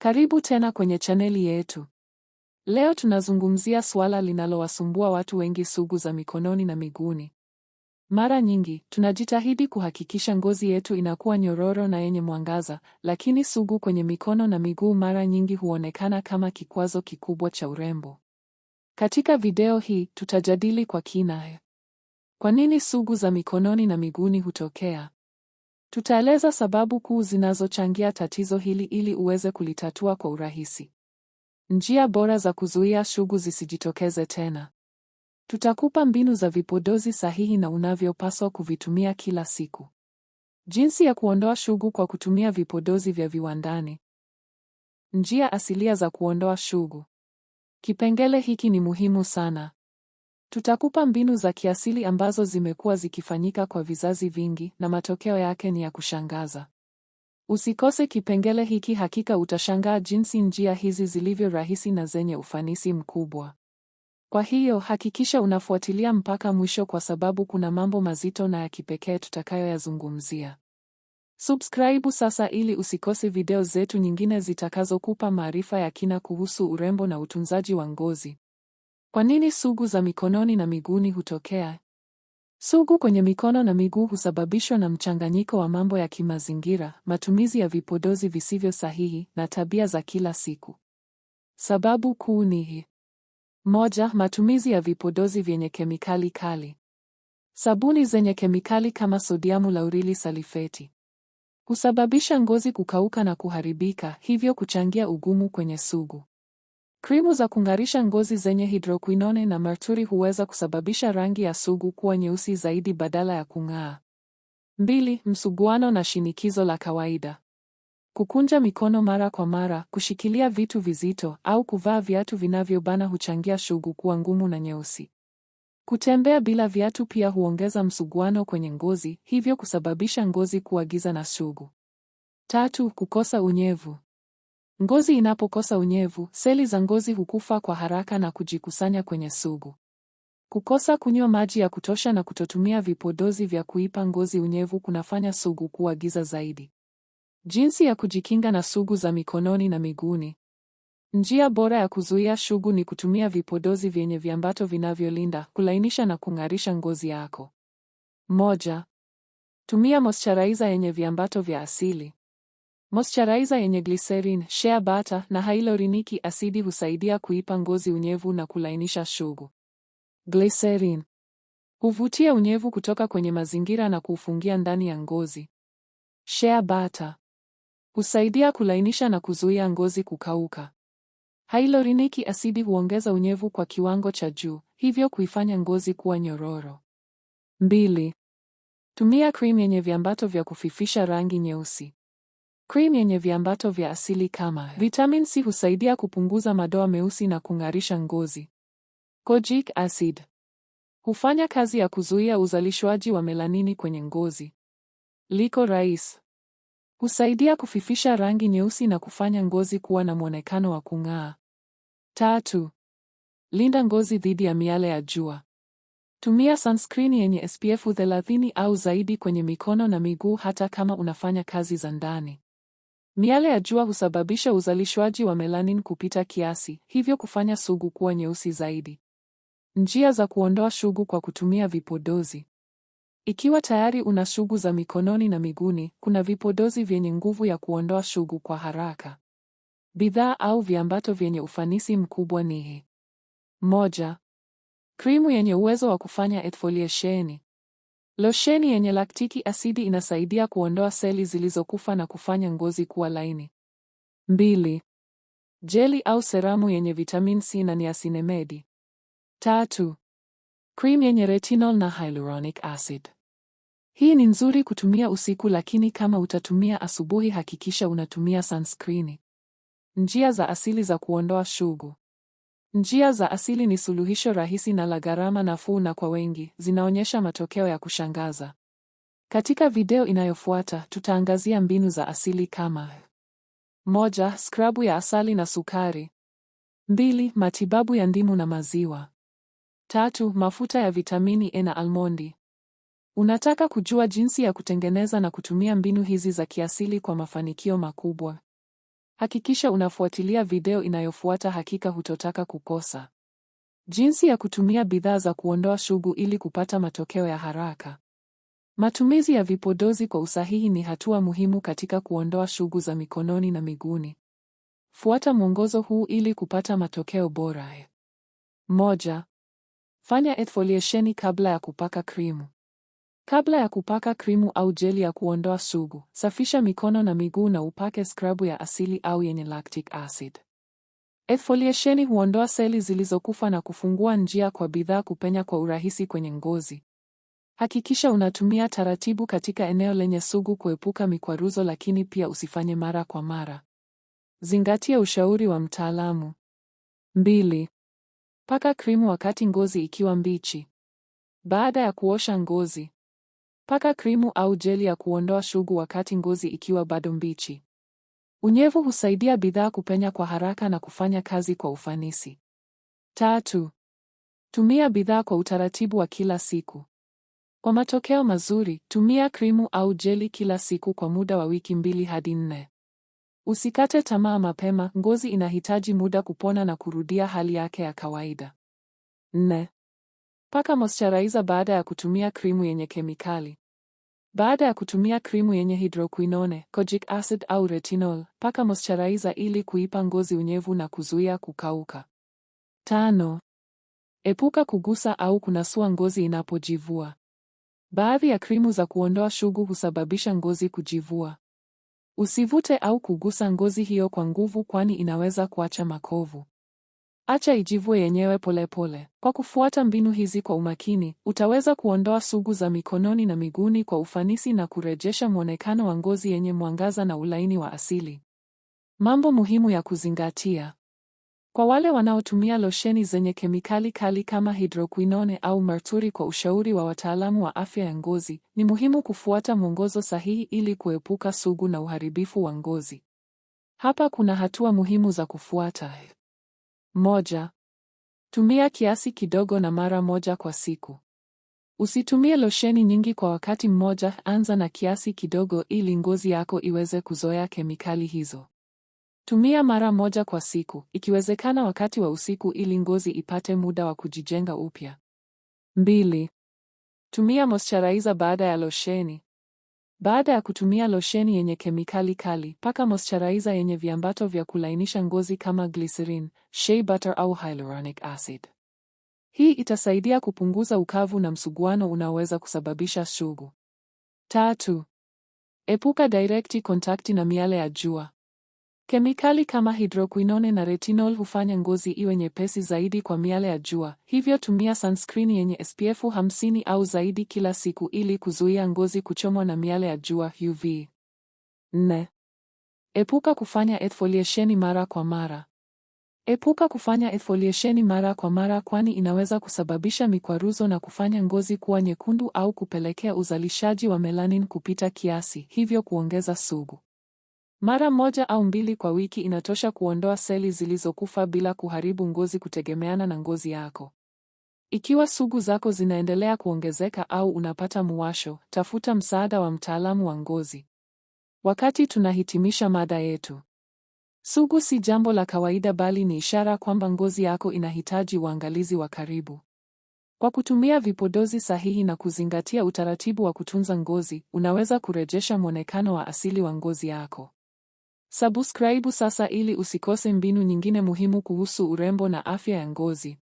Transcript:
Karibu tena kwenye chaneli yetu. Leo tunazungumzia suala linalowasumbua watu wengi, sugu za mikononi na miguuni. Mara nyingi tunajitahidi kuhakikisha ngozi yetu inakuwa nyororo na yenye mwangaza, lakini sugu kwenye mikono na miguu mara nyingi huonekana kama kikwazo kikubwa cha urembo. Katika video hii tutajadili kwa kina: kwa nini sugu za mikononi na miguuni hutokea, Tutaeleza sababu kuu zinazochangia tatizo hili ili uweze kulitatua kwa urahisi. Njia bora za kuzuia shugu zisijitokeze tena. Tutakupa mbinu za vipodozi sahihi na unavyopaswa kuvitumia kila siku. Jinsi ya kuondoa shugu kwa kutumia vipodozi vya viwandani. Njia asilia za kuondoa shugu. Kipengele hiki ni muhimu sana. Tutakupa mbinu za kiasili ambazo zimekuwa zikifanyika kwa vizazi vingi na matokeo yake ni ya kushangaza. Usikose kipengele hiki, hakika utashangaa jinsi njia hizi zilivyo rahisi na zenye ufanisi mkubwa. Kwa hiyo hakikisha unafuatilia mpaka mwisho kwa sababu kuna mambo mazito na ya kipekee tutakayoyazungumzia. Subscribe sasa ili usikose video zetu nyingine zitakazokupa maarifa ya kina kuhusu urembo na utunzaji wa ngozi. Kwa nini sugu za mikononi na miguuni hutokea? Sugu kwenye mikono na miguu husababishwa na mchanganyiko wa mambo ya kimazingira, matumizi ya vipodozi visivyo sahihi na tabia za kila siku. Sababu kuu ni hii: moja, matumizi ya vipodozi vyenye kemikali kali. Sabuni zenye kemikali kama sodiamu laurili salifeti husababisha ngozi kukauka na kuharibika, hivyo kuchangia ugumu kwenye sugu. Krimu za kung'arisha ngozi zenye hidrokwinone na mercury huweza kusababisha rangi ya sugu kuwa nyeusi zaidi badala ya kung'aa. Mbili, msuguano na shinikizo la kawaida. Kukunja mikono mara kwa mara, kushikilia vitu vizito au kuvaa viatu vinavyobana huchangia sugu kuwa ngumu na nyeusi. Kutembea bila viatu pia huongeza msuguano kwenye ngozi, hivyo kusababisha ngozi kuwa giza na sugu. Tatu, kukosa unyevu. Ngozi inapokosa unyevu, seli za ngozi hukufa kwa haraka na kujikusanya kwenye sugu. Kukosa kunywa maji ya kutosha na kutotumia vipodozi vya kuipa ngozi unyevu kunafanya sugu kuwa giza zaidi. Jinsi ya kujikinga na sugu za mikononi na miguuni. Njia bora ya kuzuia sugu ni kutumia vipodozi vyenye viambato vinavyolinda, kulainisha na kung'arisha ngozi yako. Moja, tumia moisturizer yenye viambato vya asili. Moisturizer yenye glycerin, shea butter na hyaluronic asidi husaidia kuipa ngozi unyevu na kulainisha shugu. Glycerin huvutia unyevu kutoka kwenye mazingira na kuufungia ndani ya ngozi. Shea butter husaidia kulainisha na kuzuia ngozi kukauka. Hyaluronic asidi huongeza unyevu kwa kiwango cha juu, hivyo kuifanya ngozi kuwa nyororo. Mbili. Tumia cream yenye viambato vya kufifisha rangi nyeusi. Cream yenye viambato vya asili kama vitamin C husaidia kupunguza madoa meusi na kung'arisha ngozi. Kojic acid hufanya kazi ya kuzuia uzalishwaji wa melanini kwenye ngozi. Liko rais husaidia kufifisha rangi nyeusi na kufanya ngozi kuwa na mwonekano wa kung'aa. Tatu, linda ngozi dhidi ya miale ya jua. Tumia sunscreen yenye SPF 30 au zaidi kwenye mikono na miguu hata kama unafanya kazi za ndani. Miale ya jua husababisha uzalishwaji wa melanin kupita kiasi, hivyo kufanya sugu kuwa nyeusi zaidi. Njia za kuondoa sugu kwa kutumia vipodozi. Ikiwa tayari una sugu za mikononi na miguuni, kuna vipodozi vyenye nguvu ya kuondoa sugu kwa haraka. Bidhaa au viambato vyenye ufanisi mkubwa ni hii. Moja, krimu yenye uwezo wa kufanya exfoliation. Losheni yenye laktiki asidi inasaidia kuondoa seli zilizokufa na kufanya ngozi kuwa laini. Mbili. Jeli au seramu yenye vitamin C na niacinamide. Tatu. Cream yenye retinol na hyaluronic acid. Hii ni nzuri kutumia usiku lakini kama utatumia asubuhi hakikisha unatumia sunscreen. Njia za asili za kuondoa shugu Njia za asili ni suluhisho rahisi na la gharama nafuu na kwa wengi, zinaonyesha matokeo ya kushangaza. Katika video inayofuata, tutaangazia mbinu za asili kama: moja, skrabu ya asali na sukari; mbili, matibabu ya ndimu na maziwa; tatu, mafuta ya vitamini E na almondi. Unataka kujua jinsi ya kutengeneza na kutumia mbinu hizi za kiasili kwa mafanikio makubwa? Hakikisha unafuatilia video inayofuata, hakika hutotaka kukosa. Jinsi ya kutumia bidhaa za kuondoa sugu ili kupata matokeo ya haraka. Matumizi ya vipodozi kwa usahihi ni hatua muhimu katika kuondoa sugu za mikononi na miguuni. Fuata mwongozo huu ili kupata matokeo bora. Moja, fanya exfoliation kabla ya kupaka krimu. Kabla ya kupaka krimu au jeli ya kuondoa sugu, safisha mikono na miguu na upake skrabu ya asili au yenye lactic acid. Efoliesheni huondoa seli zilizokufa na kufungua njia kwa bidhaa kupenya kwa urahisi kwenye ngozi. Hakikisha unatumia taratibu katika eneo lenye sugu kuepuka mikwaruzo, lakini pia usifanye mara kwa mara. Zingatia ushauri wa mtaalamu. Mbili. Paka krimu wakati ngozi ikiwa mbichi. Baada ya kuosha ngozi, Paka krimu au jeli ya kuondoa shugu wakati ngozi ikiwa bado mbichi. Unyevu husaidia bidhaa kupenya kwa haraka na kufanya kazi kwa ufanisi. Tatu, tumia bidhaa kwa utaratibu wa kila siku. Kwa matokeo mazuri, tumia krimu au jeli kila siku kwa muda wa wiki mbili hadi nne. Usikate tamaa mapema, ngozi inahitaji muda kupona na kurudia hali yake ya kawaida. Nne, Paka moisturizer baada ya kutumia krimu yenye kemikali. Baada ya kutumia krimu yenye hydroquinone, kojic acid au retinol, paka moisturizer ili kuipa ngozi unyevu na kuzuia kukauka. Tano, epuka kugusa au kunasua ngozi inapojivua. Baadhi ya krimu za kuondoa shugu husababisha ngozi kujivua. Usivute au kugusa ngozi hiyo kwa nguvu kwani inaweza kuacha makovu. Acha ijivue yenyewe polepole pole. Kwa kufuata mbinu hizi kwa umakini, utaweza kuondoa sugu za mikononi na miguuni kwa ufanisi na kurejesha mwonekano wa ngozi yenye mwangaza na ulaini wa asili. Mambo muhimu ya kuzingatia. Kwa wale wanaotumia losheni zenye kemikali kali kama hidrokwinone au marturi kwa ushauri wa wataalamu wa afya ya ngozi, ni muhimu kufuata mwongozo sahihi ili kuepuka sugu na uharibifu wa ngozi. Hapa kuna hatua muhimu za kufuata. Moja. Tumia kiasi kidogo na mara moja kwa siku. Usitumie losheni nyingi kwa wakati mmoja, anza na kiasi kidogo ili ngozi yako iweze kuzoea kemikali hizo. Tumia mara moja kwa siku, ikiwezekana wakati wa usiku ili ngozi ipate muda wa kujijenga upya. Mbili. Tumia moisturizer baada ya losheni. Baada ya kutumia losheni yenye kemikali kali, paka moisturizer yenye viambato vya kulainisha ngozi kama glycerin, shea butter au hyaluronic acid. Hii itasaidia kupunguza ukavu na msuguano unaoweza kusababisha sugu. Tatu, epuka direct contact na miale ya jua. Kemikali kama hidroquinone na retinol hufanya ngozi iwe nyepesi zaidi kwa miale ya jua, hivyo tumia sunscreen yenye SPF 50 au zaidi kila siku ili kuzuia ngozi kuchomwa na miale ya jua UV. 4. Epuka kufanya exfoliation mara kwa mara. Epuka kufanya exfoliation mara kwa mara kwani inaweza kusababisha mikwaruzo na kufanya ngozi kuwa nyekundu au kupelekea uzalishaji wa melanin kupita kiasi, hivyo kuongeza sugu. Mara moja au mbili kwa wiki inatosha kuondoa seli zilizokufa bila kuharibu ngozi kutegemeana na ngozi yako. Ikiwa sugu zako zinaendelea kuongezeka au unapata muwasho, tafuta msaada wa mtaalamu wa ngozi. Wakati tunahitimisha mada yetu, sugu si jambo la kawaida bali ni ishara kwamba ngozi yako inahitaji uangalizi wa karibu. Kwa kutumia vipodozi sahihi na kuzingatia utaratibu wa kutunza ngozi, unaweza kurejesha mwonekano wa asili wa ngozi yako. Subscribe sasa ili usikose mbinu nyingine muhimu kuhusu urembo na afya ya ngozi.